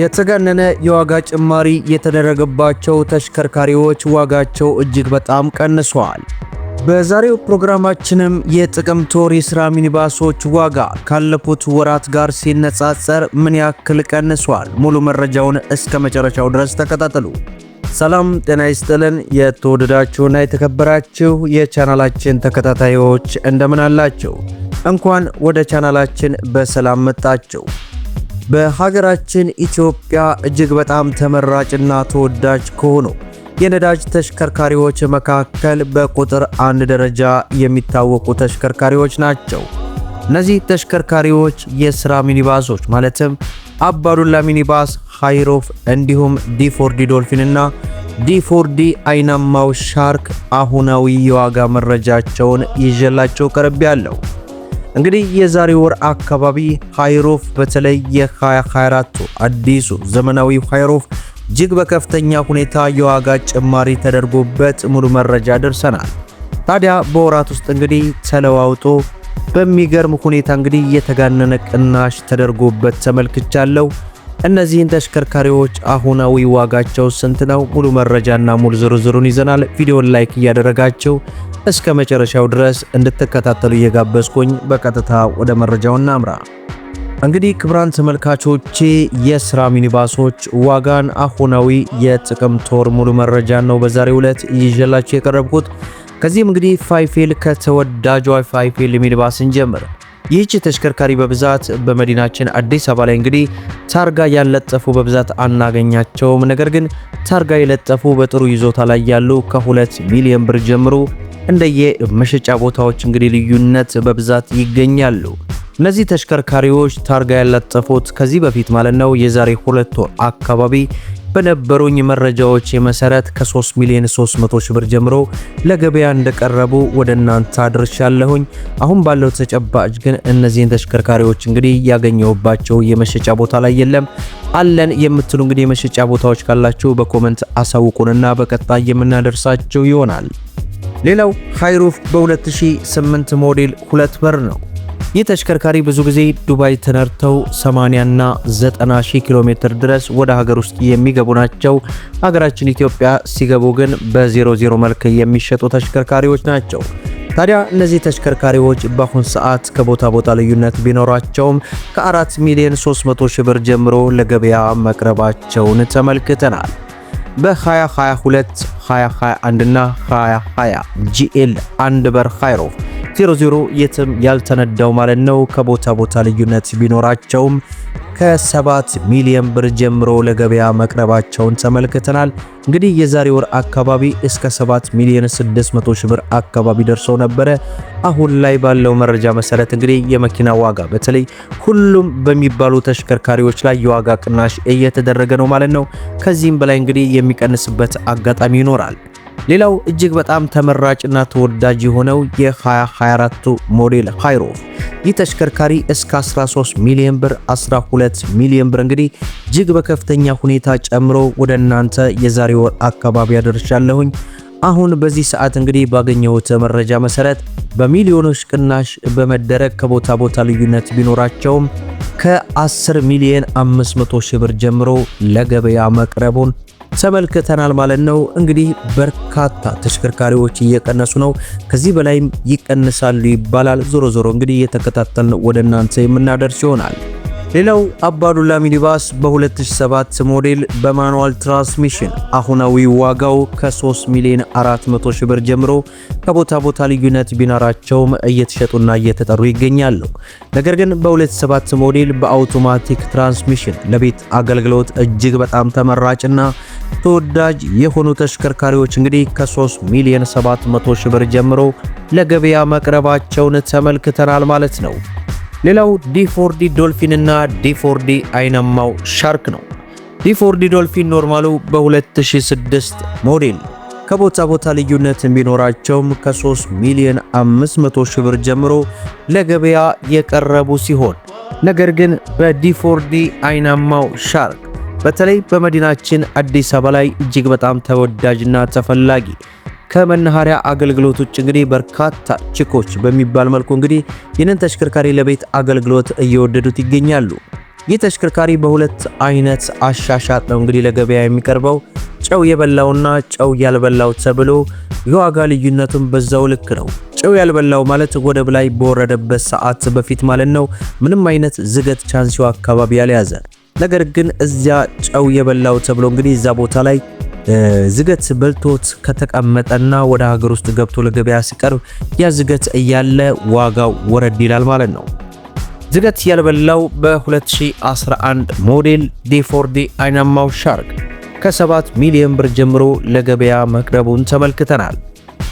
የተጋነነ የዋጋ ጭማሪ የተደረገባቸው ተሽከርካሪዎች ዋጋቸው እጅግ በጣም ቀንሷል። በዛሬው ፕሮግራማችንም የጥቅምት ወር የስራ ሚኒባሶች ዋጋ ካለፉት ወራት ጋር ሲነጻጸር ምን ያክል ቀንሷል? ሙሉ መረጃውን እስከ መጨረሻው ድረስ ተከታተሉ። ሰላም ጤና ይስጥልን። የተወደዳችሁና የተከበራችሁ የቻናላችን ተከታታዮች እንደምን አላችሁ? እንኳን ወደ ቻናላችን በሰላም መጣችሁ። በሀገራችን ኢትዮጵያ እጅግ በጣም ተመራጭና ተወዳጅ ከሆኑ የነዳጅ ተሽከርካሪዎች መካከል በቁጥር አንድ ደረጃ የሚታወቁ ተሽከርካሪዎች ናቸው። እነዚህ ተሽከርካሪዎች የስራ ሚኒባሶች ማለትም አባዱላ ሚኒባስ፣ ሃይሮፍ እንዲሁም ዲፎርዲ እና ዲፎርዲ አይናማው ሻርክ አሁናዊ የዋጋ መረጃቸውን ይዤላቸው ያለው። እንግዲህ የዛሬ ወር አካባቢ ሃይሮፍ በተለይ የ2024 አዲሱ ዘመናዊ ሃይሮፍ እጅግ በከፍተኛ ሁኔታ የዋጋ ጭማሪ ተደርጎበት ሙሉ መረጃ ደርሰናል። ታዲያ በወራት ውስጥ እንግዲህ ተለዋውጦ በሚገርም ሁኔታ እንግዲህ የተጋነነ ቅናሽ ተደርጎበት ተመልክቻለሁ። እነዚህን ተሽከርካሪዎች አሁናዊ ዋጋቸው ስንት ነው? ሙሉ መረጃና ሙሉ ዝርዝሩን ይዘናል። ቪዲዮን ላይክ እያደረጋቸው እስከ መጨረሻው ድረስ እንድትከታተሉ እየጋበዝኩኝ በቀጥታ ወደ መረጃው እናምራ። እንግዲህ ክብራን ተመልካቾቼ የስራ ሚኒባሶች ዋጋን አሁናዊ የጥቅምት ወር ሙሉ መረጃ ነው በዛሬው ዕለት ይዤላችሁ የቀረብኩት። ከዚህም እንግዲህ ፋይፌል ከተወዳጇ ፋይፌል ሚኒባስን ጀምር ይህች ተሽከርካሪ በብዛት በመዲናችን አዲስ አበባ ላይ እንግዲህ ታርጋ ያለጠፉ በብዛት አናገኛቸውም። ነገር ግን ታርጋ የለጠፉ በጥሩ ይዞታ ላይ ያሉ ከሁለት ሚሊዮን ብር ጀምሮ እንደየ መሸጫ ቦታዎች እንግዲህ ልዩነት በብዛት ይገኛሉ። እነዚህ ተሽከርካሪዎች ታርጋ ያላጠፉት ከዚህ በፊት ማለት ነው የዛሬ ሁለት ወር አካባቢ በነበሩኝ መረጃዎች የመሰረት ከ3 ሚሊዮን 300 ሺህ ብር ጀምሮ ለገበያ እንደቀረቡ ወደ እናንተ አድርሻለሁኝ። አሁን ባለው ተጨባጭ ግን እነዚህን ተሽከርካሪዎች እንግዲህ ያገኘውባቸው የመሸጫ ቦታ ላይ የለም። አለን የምትሉ እንግዲህ የመሸጫ ቦታዎች ካላችሁ በኮመንት አሳውቁንና በቀጣይ የምናደርሳቸው ይሆናል። ሌላው ሃይሩፍ በ2008 ሞዴል ሁለት በር ነው። ይህ ተሽከርካሪ ብዙ ጊዜ ዱባይ ተነርተው 80ና 90 ሺህ ኪሎ ሜትር ድረስ ወደ ሀገር ውስጥ የሚገቡ ናቸው። ሀገራችን ኢትዮጵያ ሲገቡ ግን በ00 መልክ የሚሸጡ ተሽከርካሪዎች ናቸው። ታዲያ እነዚህ ተሽከርካሪዎች በአሁን ሰዓት ከቦታ ቦታ ልዩነት ቢኖራቸውም ከ4 ሚሊዮን 300 ሺህ ብር ጀምሮ ለገበያ መቅረባቸውን ተመልክተናል። በ2022፣ 2021 እና 2020 ጂኤል አንድ በር ሃይሮፍ ዜሮ ዜሮ የትም ያልተነዳው ማለት ነው። ከቦታ ቦታ ልዩነት ቢኖራቸውም ከ7 ሚሊዮን ብር ጀምሮ ለገበያ መቅረባቸውን ተመልክተናል። እንግዲህ የዛሬ ወር አካባቢ እስከ 7 ሚሊዮን 600 ሺህ ብር አካባቢ ደርሰው ነበረ። አሁን ላይ ባለው መረጃ መሰረት እንግዲህ የመኪና ዋጋ በተለይ ሁሉም በሚባሉ ተሽከርካሪዎች ላይ የዋጋ ቅናሽ እየተደረገ ነው ማለት ነው። ከዚህም በላይ እንግዲህ የሚቀንስበት አጋጣሚ ይኖራል። ሌላው እጅግ በጣም ተመራጭና ተወዳጅ የሆነው የ2024 ሞዴል ሃይሮፍ ይህ ተሽከርካሪ እስከ 13 ሚሊዮን ብር 12 ሚሊዮን ብር እንግዲህ እጅግ በከፍተኛ ሁኔታ ጨምሮ ወደ እናንተ የዛሬ ወር አካባቢ ያደርሻለሁኝ። አሁን በዚህ ሰዓት እንግዲህ ባገኘሁት መረጃ መሰረት በሚሊዮኖች ቅናሽ በመደረግ ከቦታ ቦታ ልዩነት ቢኖራቸውም ከ10 ሚሊዮን 500 ሺህ ብር ጀምሮ ለገበያ መቅረቡን ተመልክተናል ማለት ነው። እንግዲህ በርካታ ተሽከርካሪዎች እየቀነሱ ነው። ከዚህ በላይም ይቀንሳሉ ይባላል። ዞሮ ዞሮ እንግዲህ እየተከታተልን ወደ እናንተ የምናደርስ ይሆናል። ሌላው አባዱላ ሚኒባስ በ2007 ሞዴል በማኑዋል ትራንስሚሽን አሁናዊ ዋጋው ከ3 ሚሊዮን 400 ሺህ ብር ጀምሮ ከቦታ ቦታ ልዩነት ቢኖራቸውም እየተሸጡና እየተጠሩ ይገኛሉ። ነገር ግን በ2007 ሞዴል በአውቶማቲክ ትራንስሚሽን ለቤት አገልግሎት እጅግ በጣም ተመራጭና ተወዳጅ የሆኑ ተሽከርካሪዎች እንግዲህ ከ3 ሚሊዮን 700 ሺህ ብር ጀምሮ ለገበያ መቅረባቸውን ተመልክተናል ማለት ነው። ሌላው ዲፎርዲ ዶልፊን እና ዲፎርዲ አይናማው ሻርክ ነው። ዲፎርዲ ዶልፊን ኖርማሉ በ2006 ሞዴል ከቦታ ቦታ ልዩነት ቢኖራቸውም ከ3 ሚሊዮን 500 ሺህ ብር ጀምሮ ለገበያ የቀረቡ ሲሆን ነገር ግን በዲፎርዲ አይናማው ሻርክ በተለይ በመዲናችን አዲስ አበባ ላይ እጅግ በጣም ተወዳጅና ተፈላጊ ከመናኸሪያ አገልግሎት ውጭ እንግዲህ በርካታ ችኮች በሚባል መልኩ እንግዲህ ይህንን ተሽከርካሪ ለቤት አገልግሎት እየወደዱት ይገኛሉ። ይህ ተሽከርካሪ በሁለት አይነት አሻሻጥ ነው እንግዲህ ለገበያ የሚቀርበው ጨው የበላውና ጨው ያልበላው ተብሎ የዋጋ ልዩነቱን በዛው ልክ ነው። ጨው ያልበላው ማለት ወደብ ላይ በወረደበት ሰዓት በፊት ማለት ነው ምንም አይነት ዝገት ቻንሲው አካባቢ ያልያዘ ነገር ግን እዚያ ጨው የበላው ተብሎ እንግዲህ እዛ ቦታ ላይ ዝገት በልቶት ከተቀመጠና ወደ ሀገር ውስጥ ገብቶ ለገበያ ሲቀርብ ያ ዝገት እያለ ዋጋው ወረድ ይላል ማለት ነው። ዝገት ያልበላው በ2011 ሞዴል ዴፎርዲ አይናማው ሻርክ ከ7 ሚሊዮን ብር ጀምሮ ለገበያ መቅረቡን ተመልክተናል።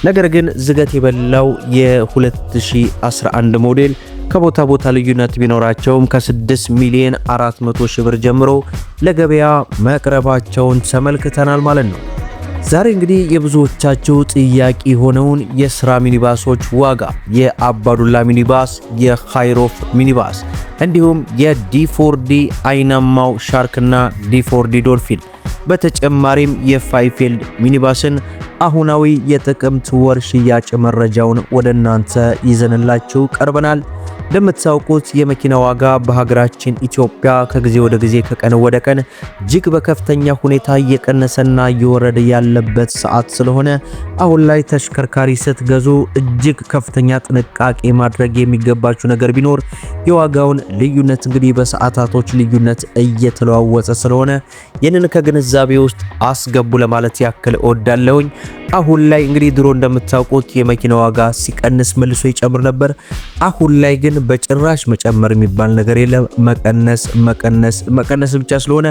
ነገር ግን ዝገት የበላው የ2011 ሞዴል ከቦታ ቦታ ልዩነት ቢኖራቸውም ከ6 ሚሊዮን 400 ሺህ ብር ጀምሮ ለገበያ መቅረባቸውን ተመልክተናል ማለት ነው። ዛሬ እንግዲህ የብዙዎቻችሁ ጥያቄ የሆነውን የስራ ሚኒባሶች ዋጋ የአባዱላ ሚኒባስ፣ የሃይሮፍ ሚኒባስ እንዲሁም የዲፎርዲ አይናማው ሻርክና ዲፎርዲ ዶልፊን በተጨማሪም የፋይፊልድ ሚኒባስን አሁናዊ የጥቅምት ወር ሽያጭ መረጃውን ወደ እናንተ ይዘንላችሁ ቀርበናል። እንደምታውቁት የመኪና ዋጋ በሀገራችን ኢትዮጵያ ከጊዜ ወደ ጊዜ ከቀን ወደ ቀን እጅግ በከፍተኛ ሁኔታ እየቀነሰና እየወረደ ያለበት ሰዓት ስለሆነ አሁን ላይ ተሽከርካሪ ስትገዙ እጅግ ከፍተኛ ጥንቃቄ ማድረግ የሚገባችሁ ነገር ቢኖር የዋጋውን ልዩነት እንግዲህ በሰዓታቶች ልዩነት እየተለዋወጠ ስለሆነ ይህንን ከግንዛቤ ውስጥ አስገቡ ለማለት ያክል እወዳለሁኝ። አሁን ላይ እንግዲህ ድሮ እንደምታውቁት የመኪና ዋጋ ሲቀንስ መልሶ ይጨምር ነበር። አሁን ላይ ግን በጭራሽ መጨመር የሚባል ነገር የለም። መቀነስ መቀነስ መቀነስ ብቻ ስለሆነ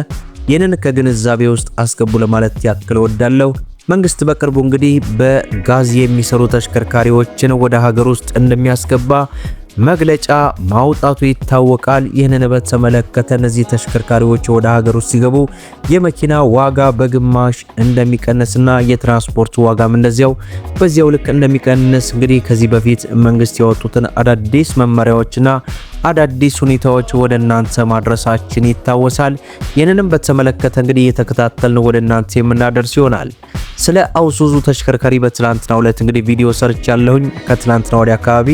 ይህንን ከግንዛቤ ውስጥ አስገቡ ለማለት ያክል እወዳለሁ። መንግስት በቅርቡ እንግዲህ በጋዝ የሚሰሩ ተሽከርካሪዎችን ወደ ሀገር ውስጥ እንደሚያስገባ መግለጫ ማውጣቱ ይታወቃል። ይህንን በተመለከተ እነዚህ ተሽከርካሪዎች ወደ ሀገር ውስጥ ሲገቡ የመኪና ዋጋ በግማሽ እንደሚቀንስና የትራንስፖርት ዋጋም እንደዚያው በዚያው ልክ እንደሚቀንስ እንግዲህ ከዚህ በፊት መንግስት ያወጡትን አዳዲስ መመሪያዎችና አዳዲስ ሁኔታዎች ወደ እናንተ ማድረሳችን ይታወሳል። ይህንንም በተመለከተ እንግዲህ የተከታተልን ወደ እናንተ የምናደርስ ይሆናል። ስለ አውሱዙ ተሽከርካሪ በትላንትናው ዕለት እንግዲህ ቪዲዮ ሰርች ያለሁኝ ከትላንትና ወዲያ አካባቢ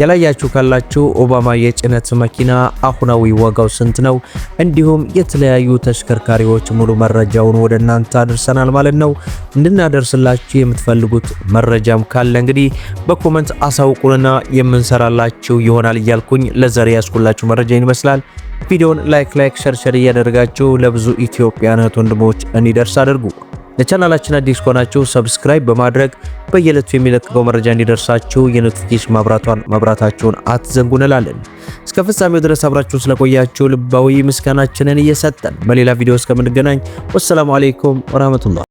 ያላያችሁ ካላችሁ ኦባማ የጭነት መኪና አሁናዊ ዋጋው ስንት ነው? እንዲሁም የተለያዩ ተሽከርካሪዎች ሙሉ መረጃውን ወደ እናንተ አድርሰናል ማለት ነው። እንድናደርስላችሁ የምትፈልጉት መረጃም ካለ እንግዲህ በኮመንት አሳውቁንና የምንሰራላችሁ ይሆናል እያልኩኝ ለዛሬ ያስኩላችሁ መረጃ ይመስላል። ቪዲዮን ላይክ ላይክ ሸርሸር እያደረጋችሁ ለብዙ ኢትዮጵያን እህት ወንድሞች እንዲደርስ አድርጉ። ለቻናላችን አዲስ ከሆናችሁ ሰብስክራይብ በማድረግ በየዕለቱ የሚለቀቀው መረጃ እንዲደርሳችሁ የኖቲፊኬሽን ማብራቷን ማብራታችሁን አትዘንጉ እንላለን። እስከ ፍጻሜው ድረስ አብራችሁን ስለቆያችሁ ልባዊ ምስጋናችንን እየሰጠን በሌላ ቪዲዮ እስከምንገናኝ ወሰላሙ አሌይኩም ወራህመቱላህ